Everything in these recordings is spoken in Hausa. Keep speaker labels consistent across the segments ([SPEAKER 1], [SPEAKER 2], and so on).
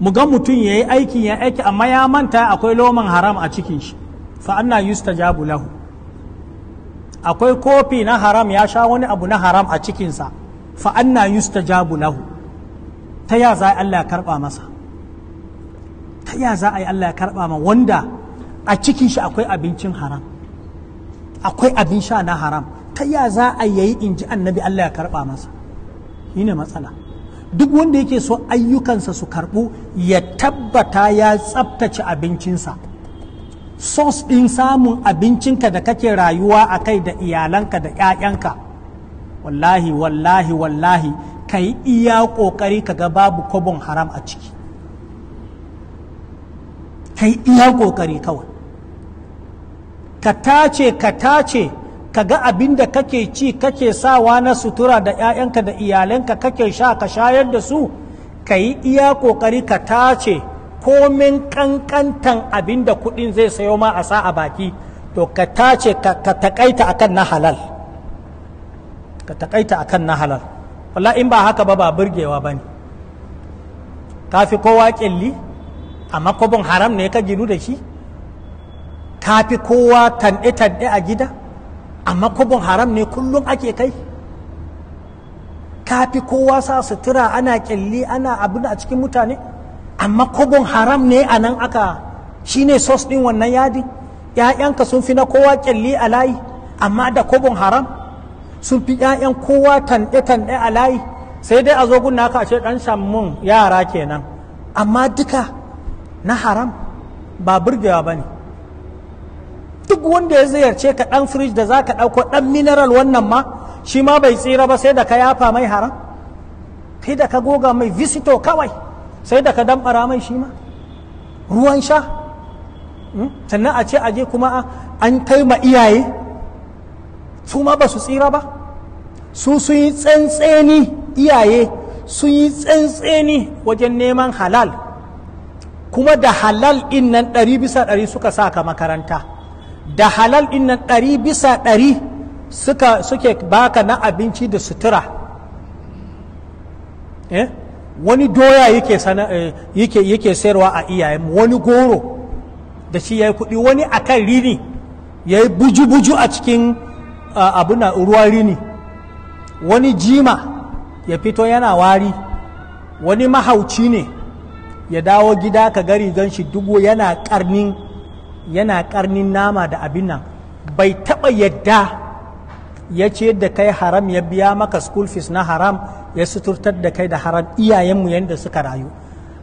[SPEAKER 1] mu ga mutum ya yi aikin ya aiki amma ya manta akwai loman haram a cikin shi fa anna yustajabu lahu akwai kofi na haram ya sha wani abu na haram a cikinsa fa anna yustajabu lahu ta ya za Allah ya karba masa ta ya za a yi Allah ya karba ma wanda a cikin shi akwai abincin haram akwai abin sha na haram ta ya za a yayi inji annabi Allah ya karba masa shine matsala duk wanda yake so ayyukansa su karɓu ya tabbata ya tsabtace abincinsa sos ɗin samun abincinka da kake rayuwa a kai da iyalanka da 'ya'yanka wallahi wallahi wallahi ka yi iya ƙoƙari ka ga babu kobon haram a ciki ka yi iya ƙoƙari kawai ka tace ka tace ka ga abin da kake ci kake sawa na sutura da 'ya'yanka da iyalanka kake sha ka shayar da su ka yi iya kokari ka tace komin ƙanƙantan abin da kuɗin zai sayo ma a sa a baki to ka tace ka taƙaita akan na halal ka taƙaita akan na halal Wala in ba haka ba ba burgewa ba ne ka fi kowa ƙyalli amma kwabin haram ne ka ginu da shi ka fi kowa tanɗe-tanɗe a gida amma kubun haram ne kullum ake kai kafi kowa sa sutura ana kyalli ana abin a cikin mutane amma kubun haram ne a nan aka shine sos ɗin wannan yadi ‘ya'yanka sun fi na kowa kyalli a layi amma da kubun haram sun fi ‘ya'yan kowa tanɗe-tanɗe a layi sai dai a zo gun naka a ce ɗan shammun yara kenan amma duka na haram ba burgewa ba ne duk wanda ya ziyarce ka ɗan firij da za ka dauko ɗan mineral wannan ma shi ma bai tsira ba sai da ka yafa mai haram kai da ka goga mai visito kawai sai da ka dambara mai shi ma ruwan sha hmm? sannan a ce aje kuma an kai ma iyaye su ma ba su tsira ba su sun yi tsantseni iyaye sun yi tsantseni wajen neman halal kuma da halal in nan ɗari bisa ɗari suka sa ka makaranta da halal din ɗari bisa ɗari suke baka na abinci da sutura eh? wani doya yake eh, sayarwa a iyayen wani goro da shi ya yi kuɗi wani akan rini ya yi buju buju a cikin uh, rini wani jima ya fito yana wari wani mahauci ne ya dawo gida ka gari gan shi dubu yana karnin yana karnin nama da abin nan bai taɓa yadda ya ce da kai haram ya biya maka school fees na haram ya suturtar da kai da haram iyayenmu yadda suka rayu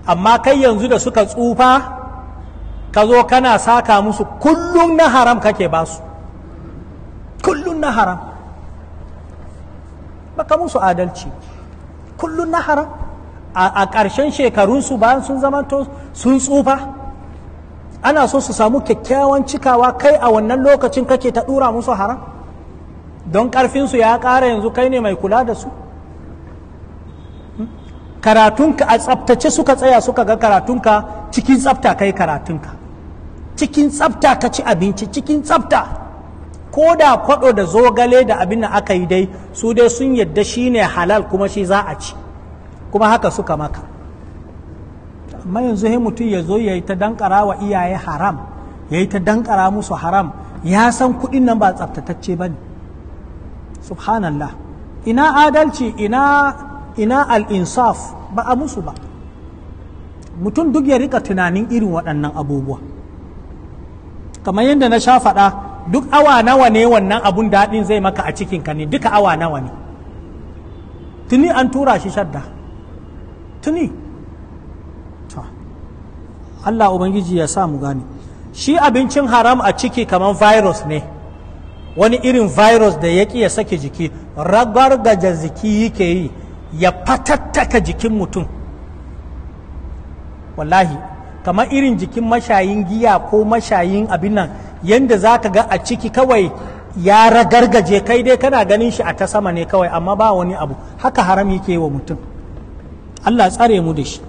[SPEAKER 1] amma kai yanzu da suka tsufa ka zo kana saka musu kullum na haram kake ba su kullum na haram baka musu adalci kullum na haram a ƙarshen shekarunsu bayan sun zama sun tsufa ana so su samu kyakkyawan cikawa kai a wannan lokacin kake ta ɗura musu haram don ƙarfinsu ya ƙara yanzu kai ne mai kula da su hmm? karatunka a tsaftace suka tsaya suka ga karatunka cikin tsafta kai karatunka cikin tsafta ka ci abinci cikin tsafta ko da kwado da zogale da abin da aka yi dai su dai sun yadda shine halal kuma shi za a ci kuma haka suka maka amma yanzu sai mutum ya zo ya yi ta dankara wa iyaye haram ya yi ta dankara musu haram ya san kuɗin nan ba tsaftatacce ba ne subhanallah ina adalci ina ina al'insaf ba a musu ba mutum duk ya rika tunanin irin waɗannan abubuwa kamar yadda na sha faɗa duk awa nawa ne wannan abun daɗin zai maka a cikinka ne duka awa nawa ne tuni an tura shi shadda tuni Allah ubangiji ya sa mu gane shi abincin haram a ciki kamar virus ne wani irin virus da ya ya sake jiki ragargaja jiki yake yi ya fatattaka jikin mutum wallahi kamar irin jikin mashayin giya ko mashayin abin nan yadda za ka ga a ciki kawai ya ragargaje kai dai kana ganin shi a ta sama ne kawai amma ba wani abu haka haram yake yi wa mutum Allah tsare mu da shi